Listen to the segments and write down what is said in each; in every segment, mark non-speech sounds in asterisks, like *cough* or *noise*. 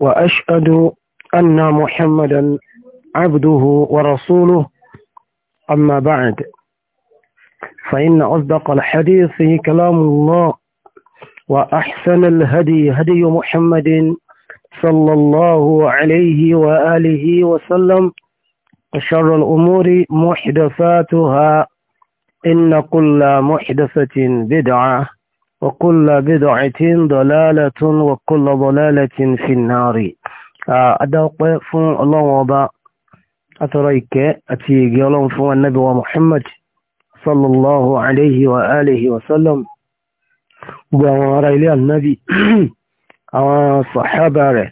وأشهد أن محمدا عبده ورسوله أما بعد فإن أصدق الحديث كلام الله وأحسن الهدي هدي محمد صلى الله عليه وآله وسلم وشر الأمور محدثاتها إن كل محدثة بدعة وكل بدعة ضلالة وكل ضلالة في النار أدوق فون الله وبا أتريك أتيجي الله فون النبي ومحمد صلى الله عليه وآله وسلم وعلى إلى النبي صحابة ره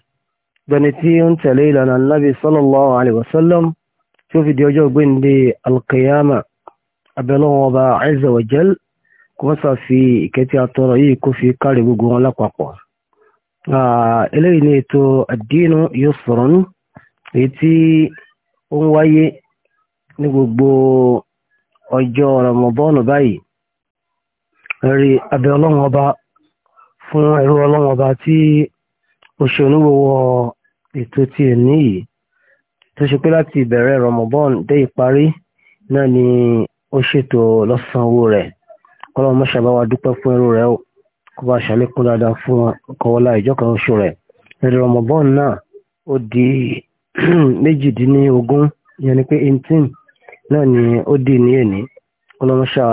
بنتي تليل النبي صلى الله عليه وسلم شوف ديوجو بندي القيامة أبلغ وبا عز وجل kó wọ́n sá fi ìkẹ́ tí a tọrọ yìí kó fi kárí gbogbo wọn lápapọ̀ eléyìí ni ètò àdínú yóò sọ̀rọ̀ nù èyí tí ó ń wáyé ní gbogbo ọjọ́ Ramadan báyìí rí abẹ ọlọ́run ọba fún ẹrú ọlọ́run ọba tí ó ṣe ètò tí ẹ̀ níyìí tó ṣe pé láti ìbẹ̀rẹ̀ Ramadan dé ìparí náà ni ó ṣètò lọ́sàn-án owó rẹ̀ kọ́lọ́wọ́ mọ́ṣà bá wa dúpẹ́ fún ẹrú rẹ̀ ó kó bá ṣàlékún dáadáa fún ọkọ̀wọ́lá ìjọkan oṣù rẹ̀ ẹ̀rọ ọmọbọ́n náà ó di *clears throat* méjìdínlógún ìyẹn ni pé eighteen náà ni ó di ní èní kọ́lọ́wọ́ mọ́ṣà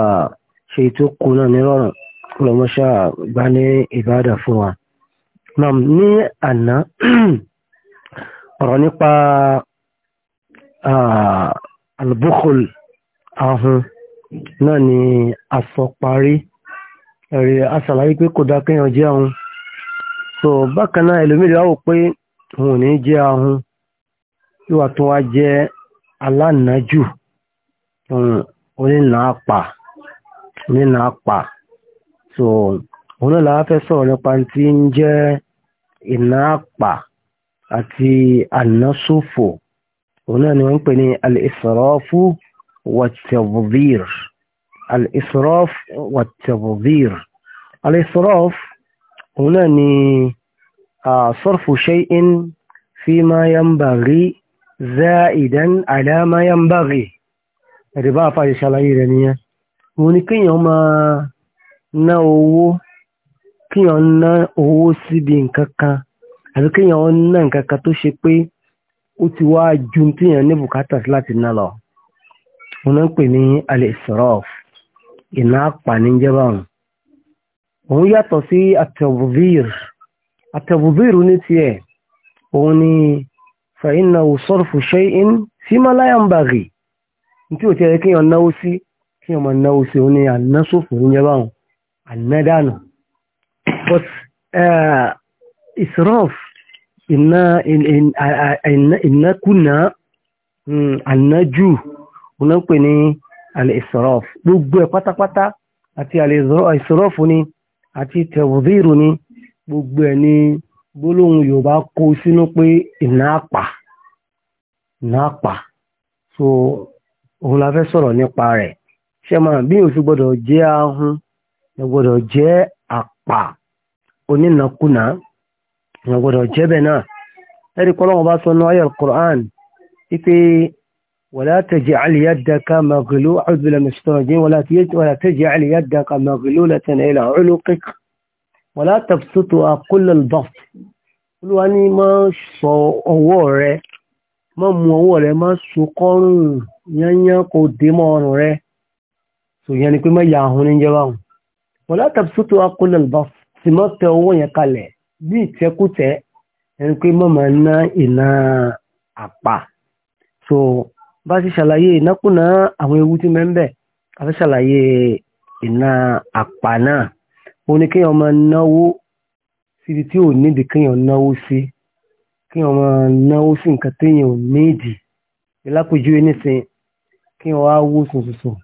ṣe tó kù náà ní rọrùn kọ́lọ́wọ́ mọ́ṣà gbá ní ìbáàdà fún wa. nam ní àná *clears throat* ọ̀rọ̀ nípa albukul ahun. náà ni àsọparí ẹ̀rí aṣàlàyé pé kò dáa jẹ́ ahun so bákan náà ẹlòmíràn wá wò pé òun ò ní jẹ́ ahun ìwà tó wá jẹ́ alánàájù onínàápa so òun náà làá fẹ́ sọ̀rọ̀ nípa tí ń jẹ́ ìnáàpà àti ànásòfò òun náà ni wọ́n ń والتبذير الإسراف والتبذير الإسراف هنا صرف شيء فيما ينبغي زائدا على ما ينبغي ربا فاي شلاي رنيه wọ́n ní kíyàn máa ná owó kíyàn ná owó síbi nǹkan kan àti kíyàn ná nǹkan kan tó ṣe pé ó ti wá ju tíyàn ní bùkátà láti ná lọ wọn náà pè ní al-israf iná apanijẹba wọn òun yàtọ̀ sí at-tabdhir at-tabdhir ní tiẹ̀ òun ni fa innahu sarfu shay'in fima la yanbaghi tí ò tẹ́rẹ kíyàn náwó sí kíyàn máa náwó sí òun ni ànásòfò níjẹba wọn ànádànù but israf iná iná kùnà hmm, ànájù òun pè ní al-israf gbogbo ẹ̀ pátápátá àti al-israf ni àti tẹ̀wọ̀dìrù ni gbogbo ẹ̀ ní gbólóhùn yorùbá kó sínú pé iná àpà iná àpà so òun la fẹ́ sọ̀rọ̀ nípa rẹ̀ ṣé máa bí òsì gbọ́dọ̀ jẹ́ ahun ẹ gbọ́dọ̀ jẹ́ àpà onínàkúnà ẹ gbọ́dọ̀ jẹ́ bẹ́ẹ̀ náà ẹ̀rí kọ́lọ́wọ́n bá sọ ní ayé al-Qur'an wípé ولا تجعل يدك مغلولة أعوذ بالله من الشيطان الرجيم ولا ولا تجعل يدك مغلولة إلى عنقك ولا تبسطها كل البسط Olúwa ní má sọ ọwọ́ rẹ má mú ọwọ́ rẹ má so kọ́rùn yányán kò dé mọ́ ọrùn rẹ so yẹn ni pé má ya ahun ní jẹba hùn wala tabsutha kull al-bast sì má tẹ ọwọ́ yẹn kalẹ̀ bí ìtẹ́kùtẹ́ ẹni pé má máa ná ìná àpà so bá ti ṣàlàyé ìnákùná àwọn ewu tí mẹ́ńbẹ̀ àfi ṣàlàyé ìná àpà náà ó ní kéèyàn máa náwó síbi tí ò nídìí kéèyàn náwó sí kéèyàn máa náwó sí nǹkan téèyàn ò nídìí ìlápèjúwe nísìn kéèyàn wá wó sùnsùnsùn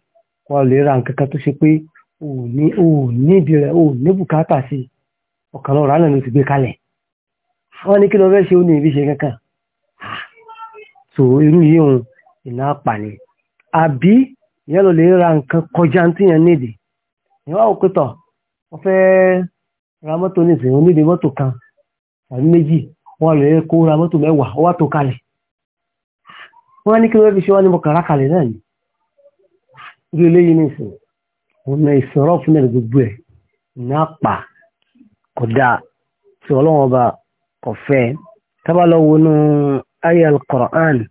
kó a lè ra nǹkan kan tó ṣe pé ò ní ò nídìí rẹ̀ ò ní bùkátà sí ọkàn lọ́rọ̀ àná ló ti gbé kalẹ̀ wọ́n ní kí ló fẹ́ ṣe ó ní ibi ṣe kankan ah, so irú yìí òun iná apàní àbí ìyẹn ló lè ra nǹkan kọjá tí yẹn nídìí ìyẹn wà ó pé tọ̀ wọ́n ra mọ́tò nísìnyí wọ́n nídìí mọ́tò kan tàbí méjì wọ́n lè kó ra mọ́tò mẹ́wàá wọ́n tó wọ́n ní kí wọ́n fi ṣe wọ́n ní kàrá náà yìí irú eléyìí fún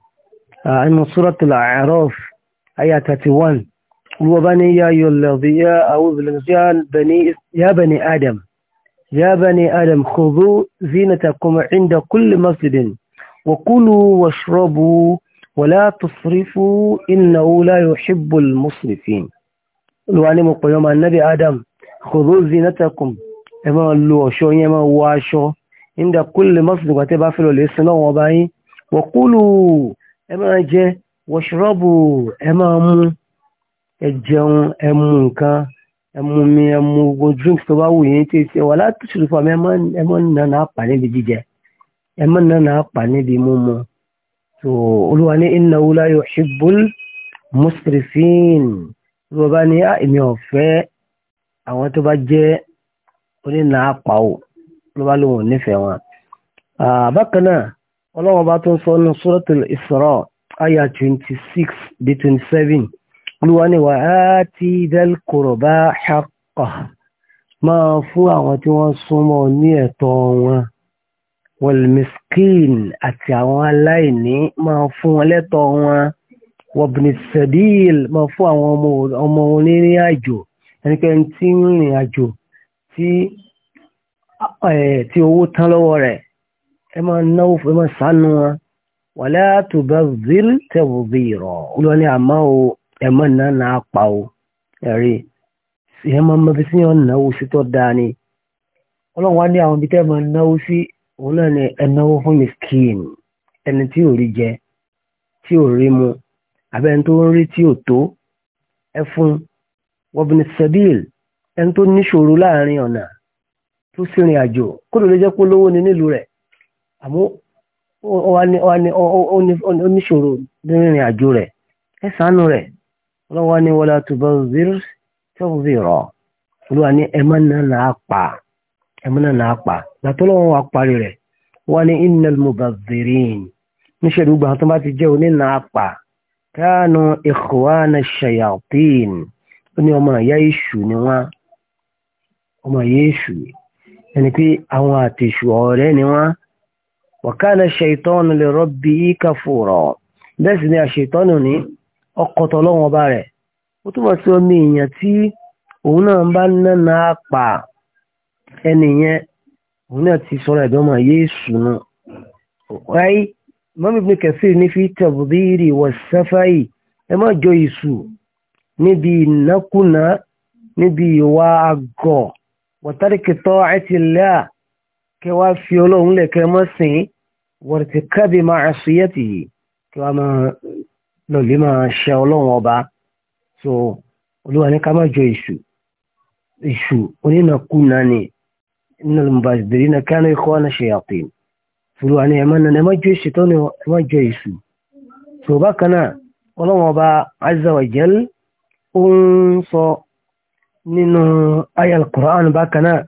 inú suratul A'raf ayà 31 olúwọ́bá ní yá yọ lọ́bí yá àwúzùlẹ̀ yá bani adam يا بني آدم خذوا زينتكم عند كل مسجد وكلوا واشربوا ولا تصرفوا إنه لا يحب المصرفين الوانم قيوم النبي آدم خذوا زينتكم اما اللو شو اما واشو عند كل مسجد وتبافلوا الإسلام وباين وقولوا ẹ máa jẹ wọ̀ṣọ́rọ́bù ẹ máa mú ẹ jẹun ẹ nǹkan ẹ mi ẹ mú drink tó bá wù yín tí ṣe wà látúṣùrù fún mi ẹ mọ́ nànà àpà níbi jíjẹ ẹ mọ́ nànà àpà níbi mímu tó olúwa ní innahu la yuhibbul musrifin olúwa bá ní ah, èmi ọ̀fẹ́ àwọn tó bá jẹ́ onínà àpà ò olúwa lóhùn nífẹ̀ẹ́ wọn. Ah, bákan náà ọlọ́wọ́n bá tó ń sọ ní suratul Isra aya 26 dé 27 olúwa ni wà á ti dhal qurba haqqah máa fún àwọn tí wọ́n súnmọ́ ní ẹ̀tọ́ wọn wal miskin àti àwọn aláìní máa fún wọn lẹ́tọ́ wọn wabni sabil máa fún àwọn ọmọ onírìn àjò ẹnikẹ́ni tí ń rìn àjò tí owó tán lọ́wọ́ rẹ̀ ẹ máa náwó fún ẹ máa sànú wọn wàlẹ́ àtúbẹ̀rẹ̀ tẹ̀wọ̀bì rọ̀ olúwa ní àmọ́ o ẹ máa ná náà pa o ẹ̀rí ẹ máa mọ bí sí yàn náwó sí tó dáa ni ọlọ́run wá ní àwọn ibi tẹ́ máa náwó sí òun náà ni ẹ náwó fún miskin ẹni tí ò rí jẹ tí ò rí mu abẹ́ni tó ń rí tí ò tó ẹ fún wọ́bìnì sẹ́bíl ẹni tó níṣòro láàrin ọ̀nà tó sì rìn àjò kó lè jẹ́ pé olówó ni nílùú rẹ̀ àmọ́ ó níṣòro rírìn àjò rẹ̀ ẹ ṣàánú rẹ̀ ọlọ́wọ́ ni wọlé àtúbọ̀ zir tẹ́wọ̀n zirọ̀ olúwa ni ẹ máa náà náà pa ẹ máa náà náà pa gbàtọ́ lọ́wọ́ wa parí rẹ̀ wọ́n ní innal mubadhirin níṣẹ́ ìdúgbò àwọn tó bá ti jẹ́ oní náà pa kánú ikhwana shayatin ó ní ọmọ ìyá èṣù ni wọ́n ọmọ ìyá èṣù ẹni pé àwọn àtẹ̀ṣù ọ̀rẹ́ ni wọ́n. wàkánà ṣèitọ́nù lè rọ́bì ìkà fòrọ̀ bẹ́ẹ̀ sì ni àṣetọ́nù ní ọkọ̀tọ̀ lọ́wọ́n bá rẹ̀ ó túmọ̀ sí omi èèyàn tí òun náà bá nánà pa ẹni yẹn òun náà ti sọ̀rọ̀ ẹ̀dọ́mọ̀ yéésù nù ráyé mọ́mí ní fi tẹ̀bùdírì wọ̀ sáfáì ẹ má jọ ìṣù níbi ìnákúnà níbi ìwà àgọ̀ wọ̀tárìkìtọ́ kẹ wá fi ọlọ́run lẹ̀ kẹ mọ́ sìn wọ̀rẹ̀tì kábí máa àṣeyẹ́tì yìí kí wá máa lọ́ọ̀lì máa ṣe ọlọ́run ọba so olúwa ní ká má jọ èṣù èṣù onínàkúnà ni iná lùmùbàdìrí náà kí á ní ikọ́ náà ṣe àpè olúwa ní ẹ̀mọ́ náà ẹ̀mọ́ jọ èṣù tó ní ẹ̀mọ́ jọ èṣù so bákan náà ọlọ́run ọba azza wa ó ń sọ nínú ayal bákan náà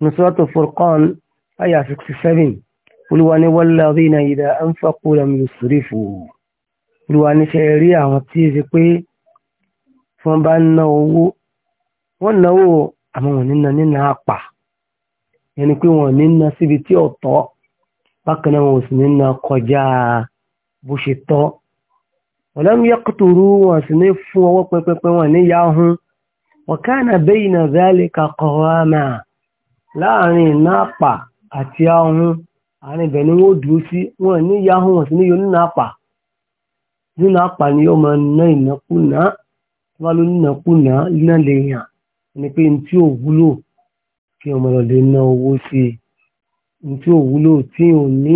nusratu Furqan aya sixty seven olúwa ní walladhina idha anfaqu lam yusrifu olúwa níṣẹ́ rí àwọn tí ṣe pé wọ́n bá ń ná owó wọ́n náwó àmọ́ wọn nínà nínà apà ẹni pé wọn nínà síbi tí ọ̀tọ̀ bákan náà wọn ò sì nínà kọjá bó ṣe tọ́ ọ̀lẹ́nu yẹ́kùtùrú wọn sì ní fún ọwọ́ pẹpẹpẹ wọn ní yahun wa kana bayna dhalika qawama láàrin náà pa àti ahun a ibẹ̀ ni wọ́n dúró sí wọn ní yahun wọn sì ní yóò nínú apà nínú apà ni yóò máa ná ìnákúnà tó bá ló nínàkúnà lè ni pé n tí ò wúlò kí ọmọ lọ lè ná owó sí n tí ò wúlò tí ò ní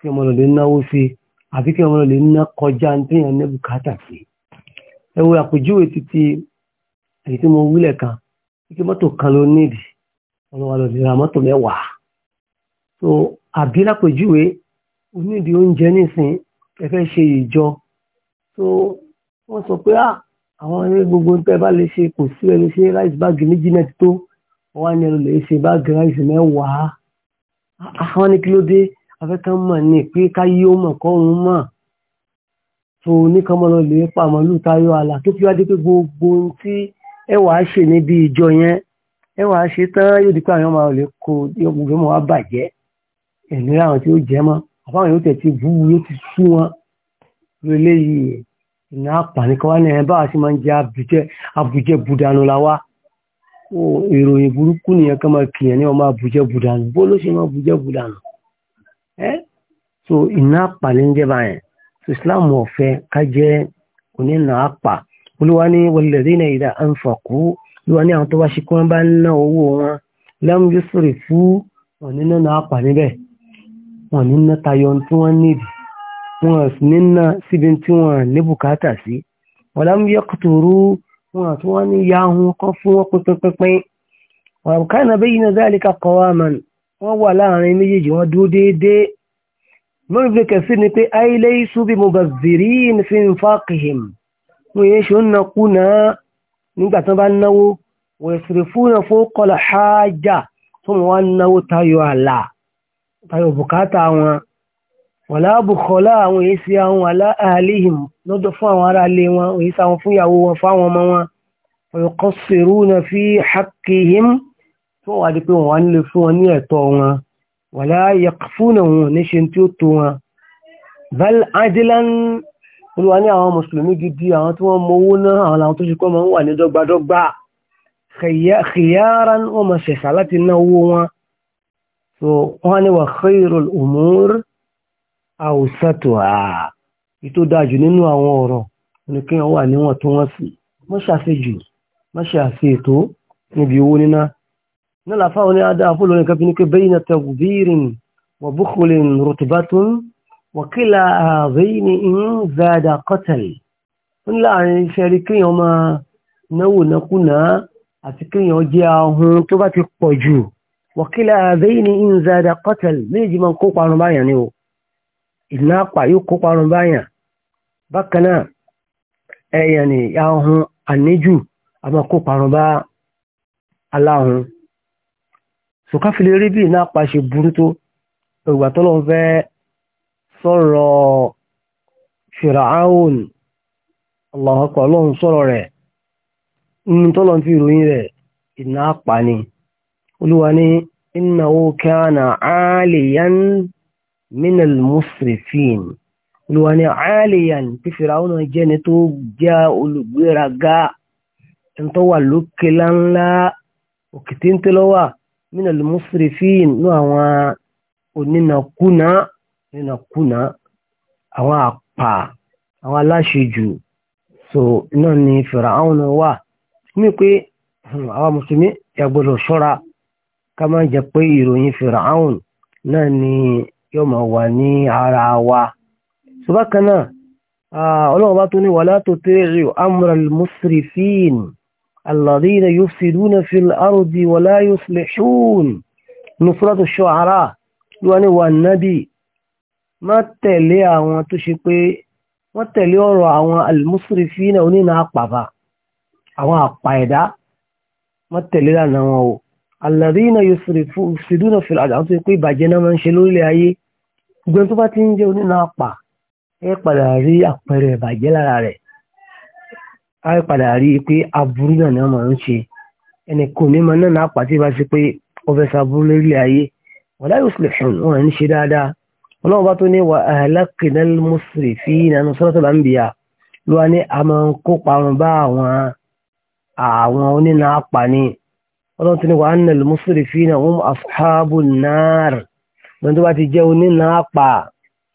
kí ọmọ lọ lè sí àbí kí ọmọ lọ lè ná kọjá tí ní bùkátà sí ẹ wo àpèjúwe títí èyí tí mo wílẹ̀ kan kan ló nídìí ọlọ́wà lọ lè mẹ́wàá so àbí lápèjúwe onídi oúnjẹ nísìn ẹ fẹ́ ṣe ìjọ so wọ́n sọ pé ah, àwọn ilé gbogbo ń tẹ́ bá lè ṣe kò sí ẹni ṣe rice bag méjì náà ti tó wọ́n á ní ẹnu lè ṣe báàgì rice mẹ́wàá àwọn ah, ní kí ló dé afẹ́kàn mọ̀ ní pé káyé ó mọ̀ kọ́ mọ̀ tó oníkanmọ́ lè pa màálù tayọ àlà tó fi wá dé pé gbogbo ohun tí ẹwà ṣe níbi ìjọ yẹn ẹ wà á ṣe tán yóò di pé àwọn ọmọ rẹ kó yóò mọ wá bàjẹ́ ìnira àwọn tí ó jẹ mọ́ àbáwọn yóò tẹ̀ ti bú yóò ti sú wọn lélẹ́yìí ìná àpànìkan wá ní ẹ̀ báwa sì máa ń jẹ àbújẹ àbújẹ budanu la wá ìròyìn burúkú nìyẹn kan máa kìyàn ní ọmọ àbújẹ budanu bó ló ṣe máa àbújẹ budanu ẹ so ìná àpàlẹ́ ń jẹ́ báyẹn so Islam ọ̀fẹ́ ká jẹ́ onínà àpà olúwa ní walladhina idha anfaqu ló wà ní àwọn tó bá ṣe kí wọ́n bá ń ná owó wọn lẹ́mú yusuf fún ọ̀nínà náà pà níbẹ̀ wọn nínà tayọ tí wọ́n níbi wọn nínà síbi tí wọ́n ní bùkátà sí wọ́n lámú yẹ kòtòrò wọn àti wọ́n ní yahun kan fún wọn pínpínpín wọn kánà bẹ́yìn náà dáàlíkà kọ́wàá mọ́ni wọ́n wà láàrin méjèèjì wọ́n dúró déédéé mọ́rin fi kẹsí ni pé ayílẹ́ isu mo bá zìrí ní fi ń fákìhìm wọ́n yẹ ṣe ń nakú náà nígbà tó bá náwó wẹ̀sìrì fún ẹ̀fọ́ kọlà hájà tó mọ̀ wá náwó tayọ àlà tayọ bùkátà wọn wàlá bùkọ́lá àwọn èyí sí àwọn aláàlìhìm lọ́dọ̀ fún àwọn ará ilé wọn èyí sí àwọn fúnyàwó wọn fáwọn ọmọ wọn ọ̀yọ̀kọ́ sèrú na fi hakihim tó wà di pé wọ́n nílé fún wọn ní ẹ̀tọ́ wọn wàlá yẹ fún àwọn oníṣe tí ó tó wọn bal adilan olúwa ní àwọn mùsùlùmí gidi àwọn tí wọ́n mọ owó náà àwọn làwọn tó ṣe kọ́ máa ń wà ní dọ́gbadọ́gba khiyara wọ́n máa ṣẹ̀ṣà láti ná owó wọn so wọ́n ní wà khairul umur awsatuha ìtò dájú nínú àwọn ọ̀rọ̀ ní kí wọ́n wà níwọ̀n tó wọ́n sì wọ̀kílà ààbẹ̀yí ni in zada qatl ń láàrin iṣẹ́ rí kíyàn máa náwó nákúnná àti kíyàn jẹ́ ahun tó bá ti pọ̀ jù wọ̀kílà ààbẹ̀yí ni in zada qatl méjì máa kó parun báyàn ni o ìnápa yóò kó parun báyàn bákan náà ẹ̀yàn ni ahun àníjù a máa kó parun bá aláhun sọ̀káfílẹ̀ rí bí ìnápa ṣe burú tó ìgbà tọ́lọ́ fẹ́ẹ́ sọ̀rọ̀ fìràáhùn Allahu Akbar ọlọ́run sọ̀rọ̀ rẹ̀ nínú tọ́lọ̀ fi ìròyìn rẹ̀ iná apá ni olúwa ní innahu kana aliyan minal musrifin olúwa ní aliyan tí fìràáhùn jẹ́ ni tó jẹ́ olùgbéraga ẹni tó wà lókè láńlá òkè tí ń tẹ́lọ́wà minal musrifin ní àwọn onínàkúnà nínàkúnà àwọn àpà àwọn aláṣejù so iná ni fèrè àwọn náà wà ní pé hmm, àwọn mùsùlùmí yàgbọ́dọ̀ ṣọ́ra ká má jẹ́ pé ìròyìn fèrè àwọn náà ni yóò máa wà ní ara wa so bákan náà ọlọ́run bá tó ní wàlá tuti'u amral musrifin alladhina yufsiduna fil ardi wala yuslihun nusratu shu'ara yóò wá ní wà nábì má tẹ̀lé àwọn tó ṣe pé wọ́n tẹ̀lé ọ̀rọ̀ àwọn al-musrifina onínà àpàbà àwọn àpà ẹ̀dá má tẹ̀lé lànà wọn o alladhina yusrifuna fil ardi àwọn tó ṣe pé ìbàjẹ́ náà máa ń ṣe lórílẹ̀ ayé gbogbo tó bá ti ń jẹ́ onínà àpà ẹ padà rí àpẹẹrẹ ìbàjẹ́ lára rẹ̀ a padà rí i pé aburú náà ni wọ́n máa ń ṣe ẹnì kò ní máa náà náà pàtí bá ṣe ọlọ́run bá tó ní wà ahlaknal musrifina nínú suratul anbiya ló wá ní a máa ń kópa wọn bá àwọn àwọn onínà apàní ọlọ́run tó ní wà annal musrifina hum ashabun nar lọ́n tó bá ti jẹ́ onínà apà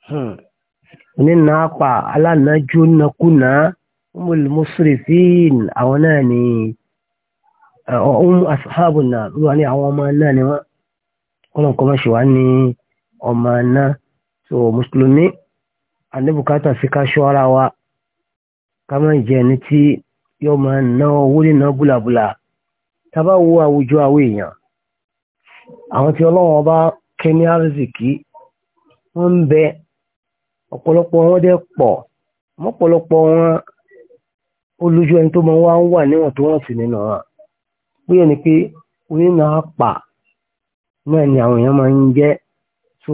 hmm, onínà apà alánàájú nakúnà humul musrifin àwọn náà ni eh, hum ashabun nar ló wá ní àwọn ọmọ náà ni wọ́n ọlọ́run kọ́ máa ṣe wá ní ọmọ náà so mùsùlùmí àníbùkátà sí ká ṣọ́ ara wa ká má jẹ́ ẹni tí yóò máa ná owó nínà búlàbúlà tá bá wo àwùjọ àwọn èèyàn àwọn tí ọlọ́wọ́n bá kẹ́ ní àrísìkí wọ́n ń bẹ ọ̀pọ̀lọpọ̀ wọn dẹ́ pọ̀ mọ́pọ̀lọpọ̀ wọn olójú ẹni tó máa wá ń wà níwọ̀n tó wọ́n sì nínú wọn bóyá ni pé orí náà pa náà ni àwọn èèyàn máa ń jẹ́ so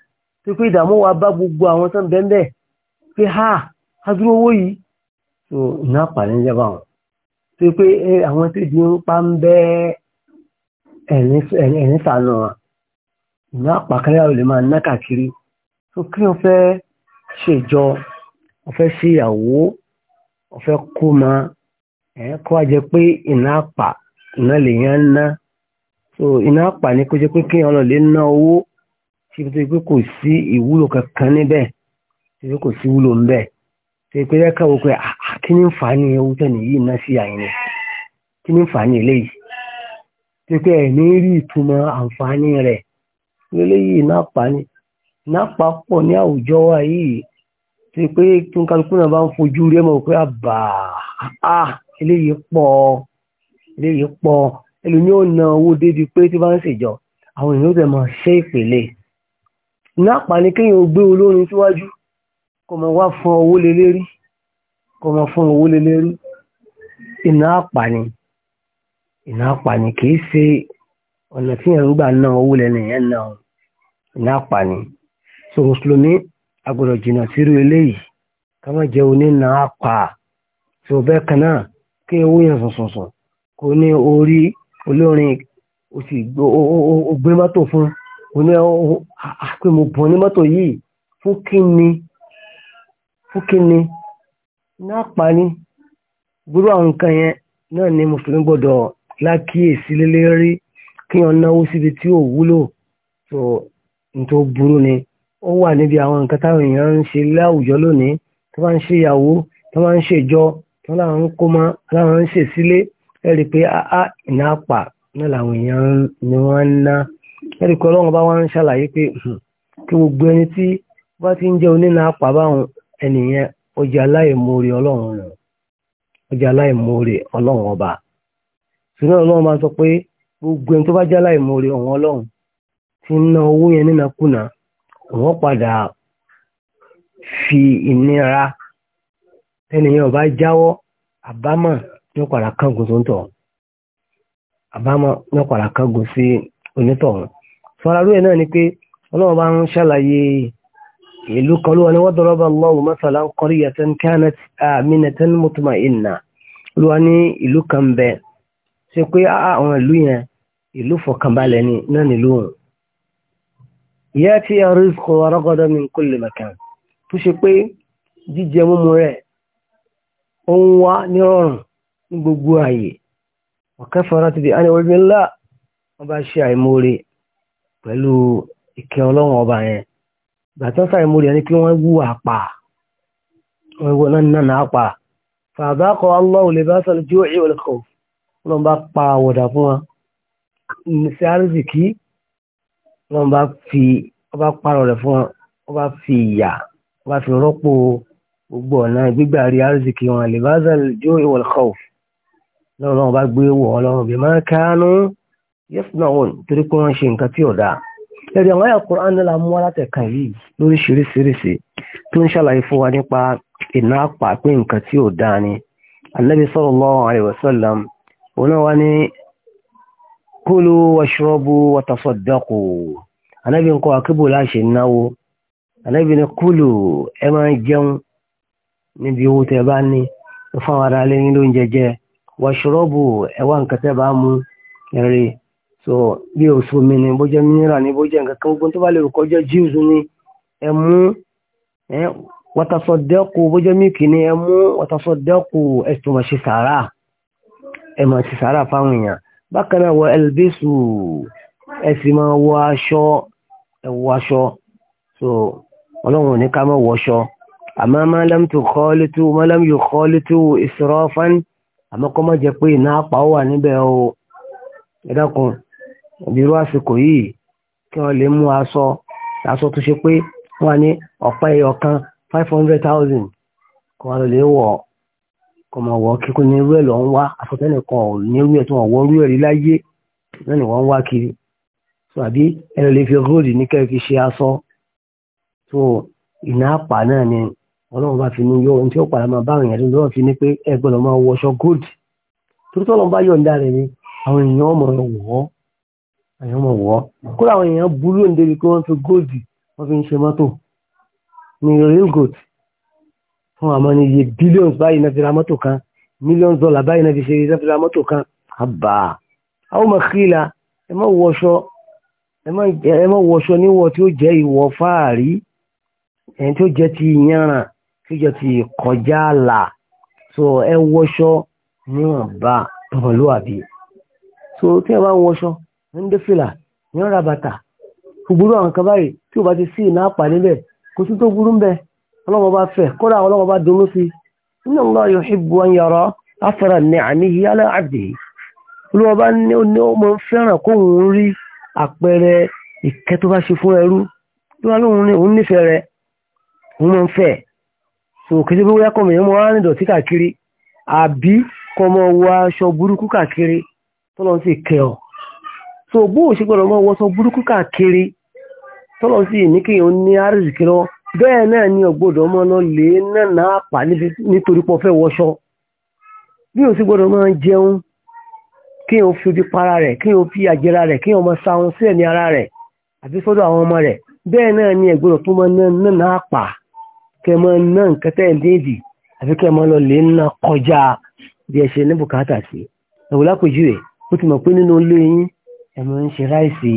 tó pé ìdààmú wa bá gbogbo àwọn tán bẹ́ẹ̀ pé ha adúró owó yìí tó iná pàdé ń jábà wọn tó pé àwọn tó di ń pa ń bẹ́ ẹ̀rín sànù wọn iná pàkẹ́yà ò lè máa ná káàkiri tó kí wọ́n fẹ́ ṣèjọ wọ́n fẹ́ ṣèyàwó wọ́n fẹ́ kó máa ẹ̀ kó wá jẹ pé iná pa iná lè ń ná so iná pa ni kó jẹ pé kí wọn lè ná owó síbi tó yẹ pé kò sí ìwúlò kankan níbẹ̀ síbi kò sí wúlò ńbẹ̀ tó yẹ pé lẹ́ka wo pé ah, ah, kí ni ń fà á ní ewu tẹ̀ nìyí iná sí àyìn kí ni ń fà á ní eléyìí tó yẹ pé ẹ̀mí rí ìtumọ̀ àǹfààní rẹ̀ eléyìí nápa ni nápa pọ̀ ní àwùjọ wa yìí tó yẹ pé tó ń kálukú náà bá ń fojú rí ẹ̀mọ̀ pé àbà eléyìí pọ̀ eléyìí pọ̀ ẹlòmíì ò owó débi pé tí bá ń ṣèjọ àwọn èèyàn ó tẹ̀ mọ̀ ṣé ìpele nápa ní kíyàn ó gbé olórin síwájú kò mọ̀ wá fún owó lelérí kò mọ̀ fún owó lelérí iná àpà ni iná àpà ni kìí ṣe ọ̀nà tí yẹn ń gbà náà owó lẹ́nu yẹn náà iná àpà ni so mùsùlùmí agbọ́dọ̀ jìnnà sírú eléyìí ká jẹ́ onínà àpà tí ó bẹ́ẹ̀ kan náà kí owó yẹn sọ̀sọ̀sọ̀ kò ní orí olórin ó sì gbé mọ́tò fún un. a pé mo bọ̀ ní mọ́tò yìí fún kíni fún kíni náà pa àwọn nǹkan yẹn náà ni mo fi gbọ́dọ̀ lákíyèsí lélẹ́rí ri wọ́n náwó síbi tí ò wúlò tó n buru ni o wa nibi awon nǹkan táwọn èèyàn ń ṣe láwùjọ loni tó bá ń ṣe ìyàwó tó bá ń ṣe ìjọ ẹ̀rí pé ọlọ́run bá wá ń ṣàlàyé pé kí gbogbo ẹni tí ti ń jẹ́ onínà apá báwọn ọjà aláìmoore ọlọ́run nù ọjà aláìmoore ọlọ́run ọba ṣùgbọ́n ọlọ́run máa sọ pé gbogbo ẹni tó bá jẹ́ aláìmoore ọ̀hún ọlọ́run ti ń ná owó yẹn nínà kùnà wọ́n padà fi ìnira ẹnìyẹn ọba jáwọ́ àbámọ̀ ní ọ̀pàdà kángun tó ń tọ̀ àbámọ̀ ní sọ́rarú ẹ̀ náà ni pé ọlọ́wọ́ bá ń ṣàlàyé ìlú kan ló wà ní wọ́n dọ̀rọ̀bà lọ́wọ́ mọ́sàlá ń kọrí yàtẹ́n kánat àmìnàtẹ́n mọ́tùmá ìnà ló wà ní ìlú kan bẹ̀ ṣe pé àwọn ìlú yẹn ìlú fọkànbalẹ̀ ni náà nílò òun ìyá tí a rí kọ arọ́gọ́dọ́ mi kò lè mẹ̀kàn tó ṣe pé jíjẹ múmu rẹ̀ ó ń wá nírọ̀rùn ní gbogbo ààyè ọ̀kẹ́fọ́ra ti di àníwọ̀n bí ńlá wọ́n bá pẹ̀lú ìkẹ́ ọlọ́run ọba yẹn gbàtọ́ sáì mórí ẹni kí wọ́n wú àpà wọ́n wọ́n náà nánà àpà fàbákọ̀ Allahu libasal ju'i wal khawf wọ́n bá pa àwọ̀dà fún wa sí àrísìkí wọ́n bá fi ọba parọ̀ rẹ̀ fún wa wọ́n bá fi ìyà wọ́n bá fi rọ́pò gbogbo ọ̀nà gbígbà rí àrísìkí wọn libasal ju'i wal khawf lọ́run bá gbé wọ̀ ọlọ́run bí máa kánú yẹ́sùnáwọ̀n torí pé wọ́n ṣe nǹkan tí ọ̀dá ẹ̀rí àwọn ayà Qur'an nílá mú alátẹ̀kàn yìí lóríṣiríṣiríṣi tó ń ṣàlàyé fún wa nípa iná pa pé nǹkan tí ọ̀dá ni Annabi sallallahu alaihi wasallam òun ní kulu washrabu wa tasaddaqu Annabi ń kọ́ akébò láṣẹ náwó Annabi ní kulu ẹ máa ń jẹun níbi owó tẹ bá ní fáwọn ará lẹ́yìn lóúnjẹ jẹ washrabu ẹ wá nǹkan tẹ bá mú ẹ̀rí so bí oṣù mi ni bó jẹ́ mineral ni bó jẹ́ nǹkan kan gbogbo tó bá lè kọjá juice ni ẹ mú ẹ wọ́tasọ̀dẹ́kù bó jẹ́ mílìkì ni ẹ mú wọ́tasọ̀dẹ́kù ẹ tó máa ṣe sàárà ẹ máa ṣe sàárà fáwọn èèyàn bákan náà wọ ẹlẹ́bíṣù ẹ sì máa wọ aṣọ ẹ wọ aṣọ so ọlọ́run ò ní ká má wọṣọ àmọ́ máa lẹ́m tó kọ́ létú máa lẹ́m yóò kọ́ létú ìṣòro fún àmọ́ kọ́ má jẹ́ pé iná apá wà níbẹ̀ o ẹ dákun ìbírú àsìkò yìí kí wọ́n lè mú aṣọ aṣọ tó ṣe pé wọ́n ní ọ̀pá ẹyọ kan five hundred thousand kó wọ́n lè wọ̀ kó mọ̀ wọ́ kíkún ní irú ẹ̀ lọ́ ń wá aṣọ tẹ́lẹ̀ kan ò ní irú ẹ̀ tó wọ́n wọ́ irú ẹ̀ rí láyé náà ni wọ́n ń wá kiri so àbí ẹ̀rọ lè fi góòdì ní kẹ́ẹ̀ ṣe aṣọ so ìná àpà náà ni ọlọ́run bá fi ní yọ ohun tí ó padà máa bá àwọn èèyàn tó lọ́wọ́ fi ní pé ẹ gbọ́dọ̀ wọṣọ góòdì torítọ́ lọ́n bá yọ̀ǹda rẹ̀ ni àwọn èèyàn ọmọ rẹ̀ wọ̀ ọ́ èèyàn mọ̀ wọ́ kó làwọn èèyàn burú òǹde rí pé wọ́n fi góòdì wọ́n fi ń ṣe mọ́tò ní real gold fún àmọ́ ní iye billions báyìí náà fi ra mọ́tò kan millions dollar báyìí náà fi ṣe iṣẹ́ fi ra mọ́tò kan àbá àwọn ọmọ kíla ẹ má wọṣọ ẹ má wọṣọ níwọ̀ tí ó jẹ́ ìwọ̀ fáàrí ẹni tí ó jẹ́ ti yànràn tí ó jẹ́ ti kọjá àlà so ẹ wọṣọ níwọ̀nba tọmọlúwàbí so tí ẹ bá wọṣọ ndefila dé fìlà ní ọ̀rà bàtà ṣùgbúrú àwọn kan báyìí tí ò bá ti sí iná àpà níbẹ̀ kò sí tó burú bẹ́ẹ̀ ọlọ́mọ bá fẹ́ kódà ọlọ́mọ bá dunú sí afara olúwa bá ní ó ní ó mọ fẹ́ràn kó òun rí àpẹẹrẹ ìkẹ́ tó bá ṣe fún ẹrú olúwa lóun ní òun nífẹ̀ẹ́ rẹ òun mọ fẹ́ so bó o ṣe gbọ́dọ̀ mọ́ wọ́sọ burúkú káàkiri tọ́lọ̀ sí ìníkèyàn ní àrísìkí lọ bẹ́ẹ̀ náà ni ọ̀gbọ́dọ̀ mọ́ lọ lè nànà àpà nítorí pọ̀ fẹ́ wọṣọ bí o ṣe gbọ́dọ̀ mọ́ jẹun kí o fi ojú para rẹ̀ kí o fi àjẹra rẹ̀ kí o mọ sí ara rẹ̀ sọ́dọ̀ àwọn ọmọ rẹ̀ bẹ́ẹ̀ náà ni ẹ̀gbọ́dọ̀ tó mọ́ nànà àpà kẹ́ mọ́ ẹ máa ń ṣe ráìsì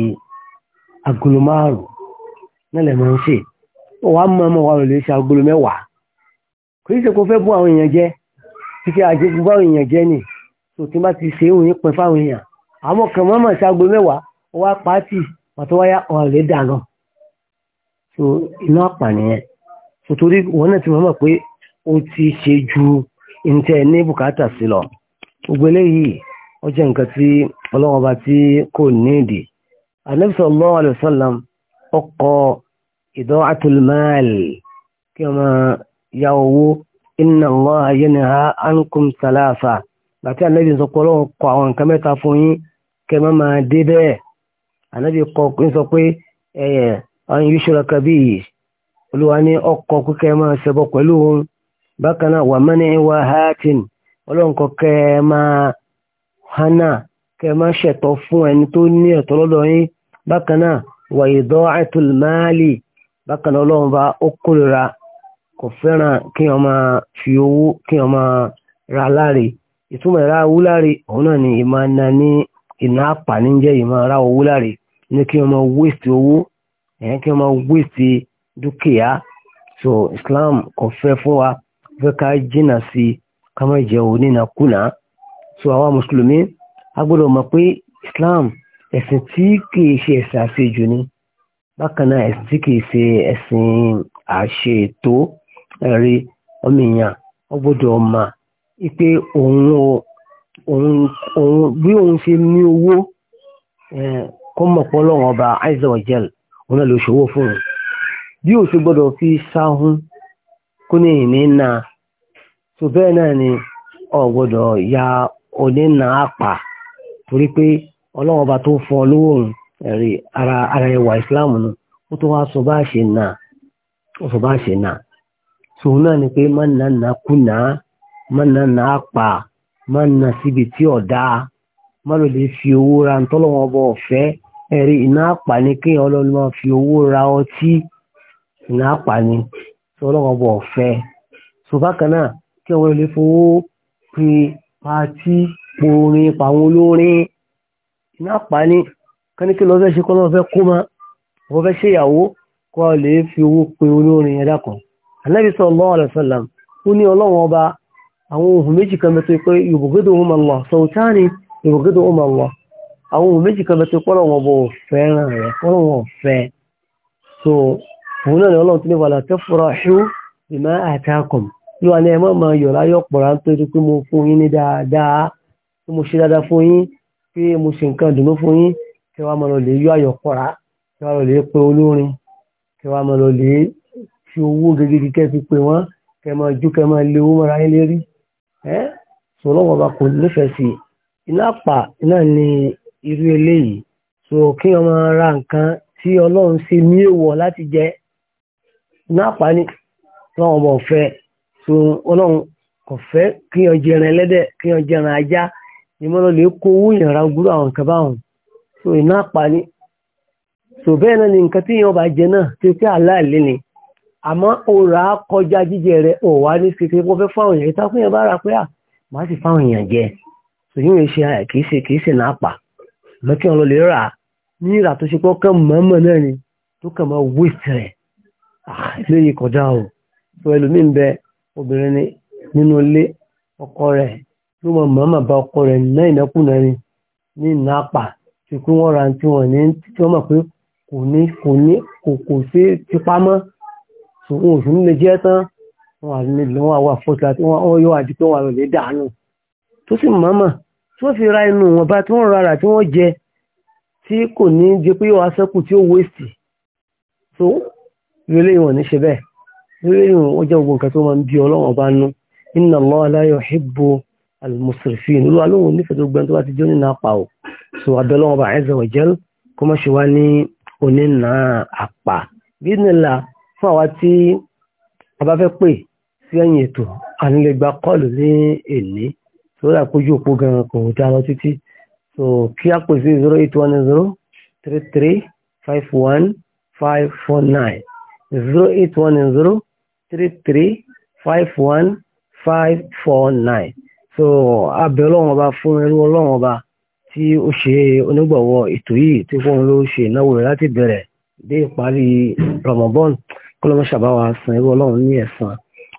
agolo márùn náà lẹ máa ń ṣe ó wàá mọ ọmọ wa ò lè ṣe agolo mẹ́wàá kò ní ṣe kó fẹ́ bú àwọn èèyàn jẹ títí àjẹkù bá àwọn èèyàn jẹ ni tó tí bá ti ṣe òun pin fáwọn èèyàn àmọ́ kàn mọ́ mọ̀ ṣe agolo mẹ́wàá ó wá pàtì pàtó wáyà ọ̀ lè dànù so iná àpànìyàn so torí wọn náà ti mọ̀ pé ó ti ṣe ju ní bùkátà sí lọ gbogbo eléyìí ó jẹ́ nǹkan tí ọlọ́wọ́ bá tí kò ní ìdí Ànábì sallallahu alaihi wasallam ọkọ̀ ida'atul mal kí ọmọ ya owó inna Allaha yanha ankum salafa bàtí Ànábì sọ pé ọlọ́wọ́ kọ àwọn nǹkan mẹ́ta fún yín kẹ má máa dé bẹ́ẹ̀ Ànábì kọ ń sọ pé ẹ̀yẹ an olúwa ní ọkọ̀ kíkẹ́ máa ṣẹbọ pẹ̀lú bákan náà wa man'i wahatin ọlọ́nkọ̀ kẹ́ máa hana kẹ má ṣẹ̀tọ́ fún ẹni tó ní ẹ̀tọ́ lọ́dọ̀ yín bákan náà wà ida'atul mali bákan ọlọ́run bá ó kórira kò fẹ́ràn kí wọ́n máa fi owó kí wọ́n máa ra láre ìtumọ̀ ìra owó láre òun náà ni ìmọ̀ na ní ìná àpàní jẹ́ ìmọ̀ ra owó láre ní kí wọ́n máa wéèsì owó ẹ̀yìn kí wọ́n máa dúkìá so Islam kò fẹ́ fún wa fẹ́ ká jìnnà sí ká má jẹ́ so àwa mùsùlùmí a mọ̀ pé islam ẹ̀sìn tí kìí ṣe ẹ̀sìn àṣejù ni bákan náà ẹ̀sìn tí kìí ṣe ẹ̀sìn àṣetò ẹ̀rí ọmọ èèyàn ó gbọ́dọ̀ mọ̀ pé òun bí òun ṣe ní owó kó mọ̀ pọ́ lọ́wọ́ ọba aiza wajal òun náà ló ṣòwò fún un bí ó ṣe gbọ́dọ̀ fi sáhún kó ní ìní náà so bẹ́ẹ̀ náà ni ó ya òní na á pa torí pé ọlọ́run ọba tó fún ọ ara ara ẹwà islam nu ó tó wá sọ bá ṣe nà ó sọ bá ṣe nà náà ni pé má nà nà kú nà má nà nà pa má nà síbi tí ọ̀dá má fi owó ra ntọ́lọ́wọ́n ọba ọ̀fẹ́ ẹ̀rí iná ni kéèyàn ọlọ́run máa fi owó ra ọtí iná ni tọ́lọ́wọ́n ọba ọ̀fẹ́ bákan pàtí pòrin pàwọn olórin iná pàní káníkì lọ fẹ́ ṣe kọ́ lọ́wọ́ fẹ́ kó ma wọ́n fẹ́ ṣe ìyàwó kọ́ lè fi owó pe olórin ẹ̀dá kan Ànábì sallallahu alaihi wasallam ó ní ọlọ́wọ́n ọba àwọn ohun méjì kan mẹ́tọ́ pé yubghiduhum Allah sawtani yubghiduhum Allah àwọn ohun méjì kan mẹ́tọ́ pọ́lọ́wọ́n ọba ò fẹ́ràn rẹ̀ pọ́lọ́wọ́n ò so òun náà ni ọlọ́run tó ní wàlá tafrahu bima atakum yóò wá ní ẹ má máa yọ̀ láyọ̀ pọ̀ra nítorí pé mo fún yín ní dáadáa pé mo ṣe dáadáa fún yín pé mo ṣe nǹkan dùnú fún yín kí wàá máa lọ lè yọ àyọ̀ pọ̀ra kí wàá lọ lè pe olórin kí wàá máa lọ lè fi owó gẹ́gẹ́ kẹ́ fi pe wọ́n kẹ́ máa ju kẹ́ máa lé owó mọ́ra yín lérí ẹ́ sọ̀rọ̀ wọn bá kò nífẹ̀ẹ́ sí iná pa náà ni irú eléyìí so kí ọmọ ra nǹkan tí ọlọ́run ṣe ní èèwọ̀ láti jẹ iná pa ni ọlọ́run ọmọ ọ̀fẹ́ so ọlọ́run kò fẹ́ kí wọ́n jẹran ẹlẹ́dẹ̀ kí wọ́n jẹran ajá ni mo lọ lè kó owó ìyànra gbúrú àwọn nǹkan báwọn so iná àpáni so bẹ́ẹ̀ náà ni nǹkan tí èèyàn bá jẹ náà tí ó pé aláìlé ni àmọ́ ó rà á kọjá jíjẹ rẹ ò wá ní kékeré wọ́n fẹ́ fáwọn èèyàn ìtàkùn yẹn bá ra pé à má sì fáwọn èèyàn jẹ so yíyan ṣe kìí ṣe kìí ṣe náà pa mọ́kí wọn lọ lè rà á ní ìrà tó ṣe kọ́kọ́ mọ́mọ́ náà ni tó kàn máa wéṣẹ̀ rẹ̀ lóye kọjá o so ẹlòmíín bẹ́ẹ̀ obìnrin ni nínú ilé ọkọ rẹ̀ tí wọ́n mọ̀ọ́mọ̀ bá ọkọ rẹ̀ ná ìnákùná ni ní ìnápa tí pé wọ́n ra tí wọ́n ní tí wọ́n mọ̀ pé kò ní kò ní kò kò sí tipamọ́ ṣùgbọ́n òṣù ní lè jẹ́ tán wọ́n wà ní ìlú wọn wà fọ́tà tí wọ́n yọ àdí pé wọ́n lọ dànù tó sì mọ̀ọ́mọ̀ tí wọ́n fi ra inú wọn bá tí wọ́n rárá tí wọ́n jẹ tí kò ní jẹ pé wọ́n á tí ó wéṣì tó ìrẹ́lẹ́yìn wọn ní ṣe bẹ́ẹ̀ rírìn ó jẹ́ gbogbo nǹkan tó máa ń bí ọlọ́run ọba nú inna Allaha la yuhibbu al-musrifin olú alóhùn nífẹ̀ẹ́ tó gbẹ́ni tó bá ti jó nínú apá o so abẹ́lọ́run ọba azza wa kó má ṣe wá ní onínà apá bí nílà fún àwa tí a bá fẹ́ pè sí ẹ̀yìn ètò ànilégbà kọ́ọ̀lù ní èlé tó dà kójú òpó gan kò dá lọ títí so kí a pè sí zero eight one zero three three five one five four nine zero eight one zero three three five one five four nine so abẹ ọlọ́run ọba fún ẹrú ọlọ́run ọba tí ó ṣe onígbọ̀wọ́ ètò yìí tí fóun ló ṣe ìnáwó rẹ̀ láti bẹ̀rẹ̀ dé ìparí Ramadan kó lọ́mọ ṣàbáwá san ẹrú ọlọ́run ní ẹ̀san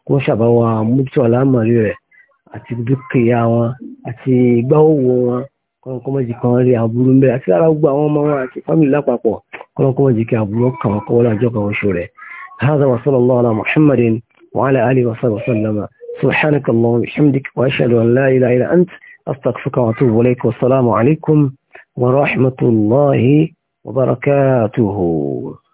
kó ṣàbáwá mútu àlámọ̀rí rẹ̀ àti dúkìá wọn àti ìgbáwòwò wọn kọ́lọ́kọ́mọ́jì kan rí aburú ń bẹ àti lára gbogbo àwọn ọmọ wọn àti fámìlì lápapọ̀ kọ́lọ́kọ́mọ́jì kí aburú kàn wọ́n kọ́wọ́ lájọ́ kan oṣù rẹ̀ هذا وصلى الله على محمد وعلى آله وصحبه وسلم سبحانك اللهم وبحمدك وأشهد أن لا إله إلا أنت أستغفرك وأتوب إليك والسلام عليكم ورحمة الله وبركاته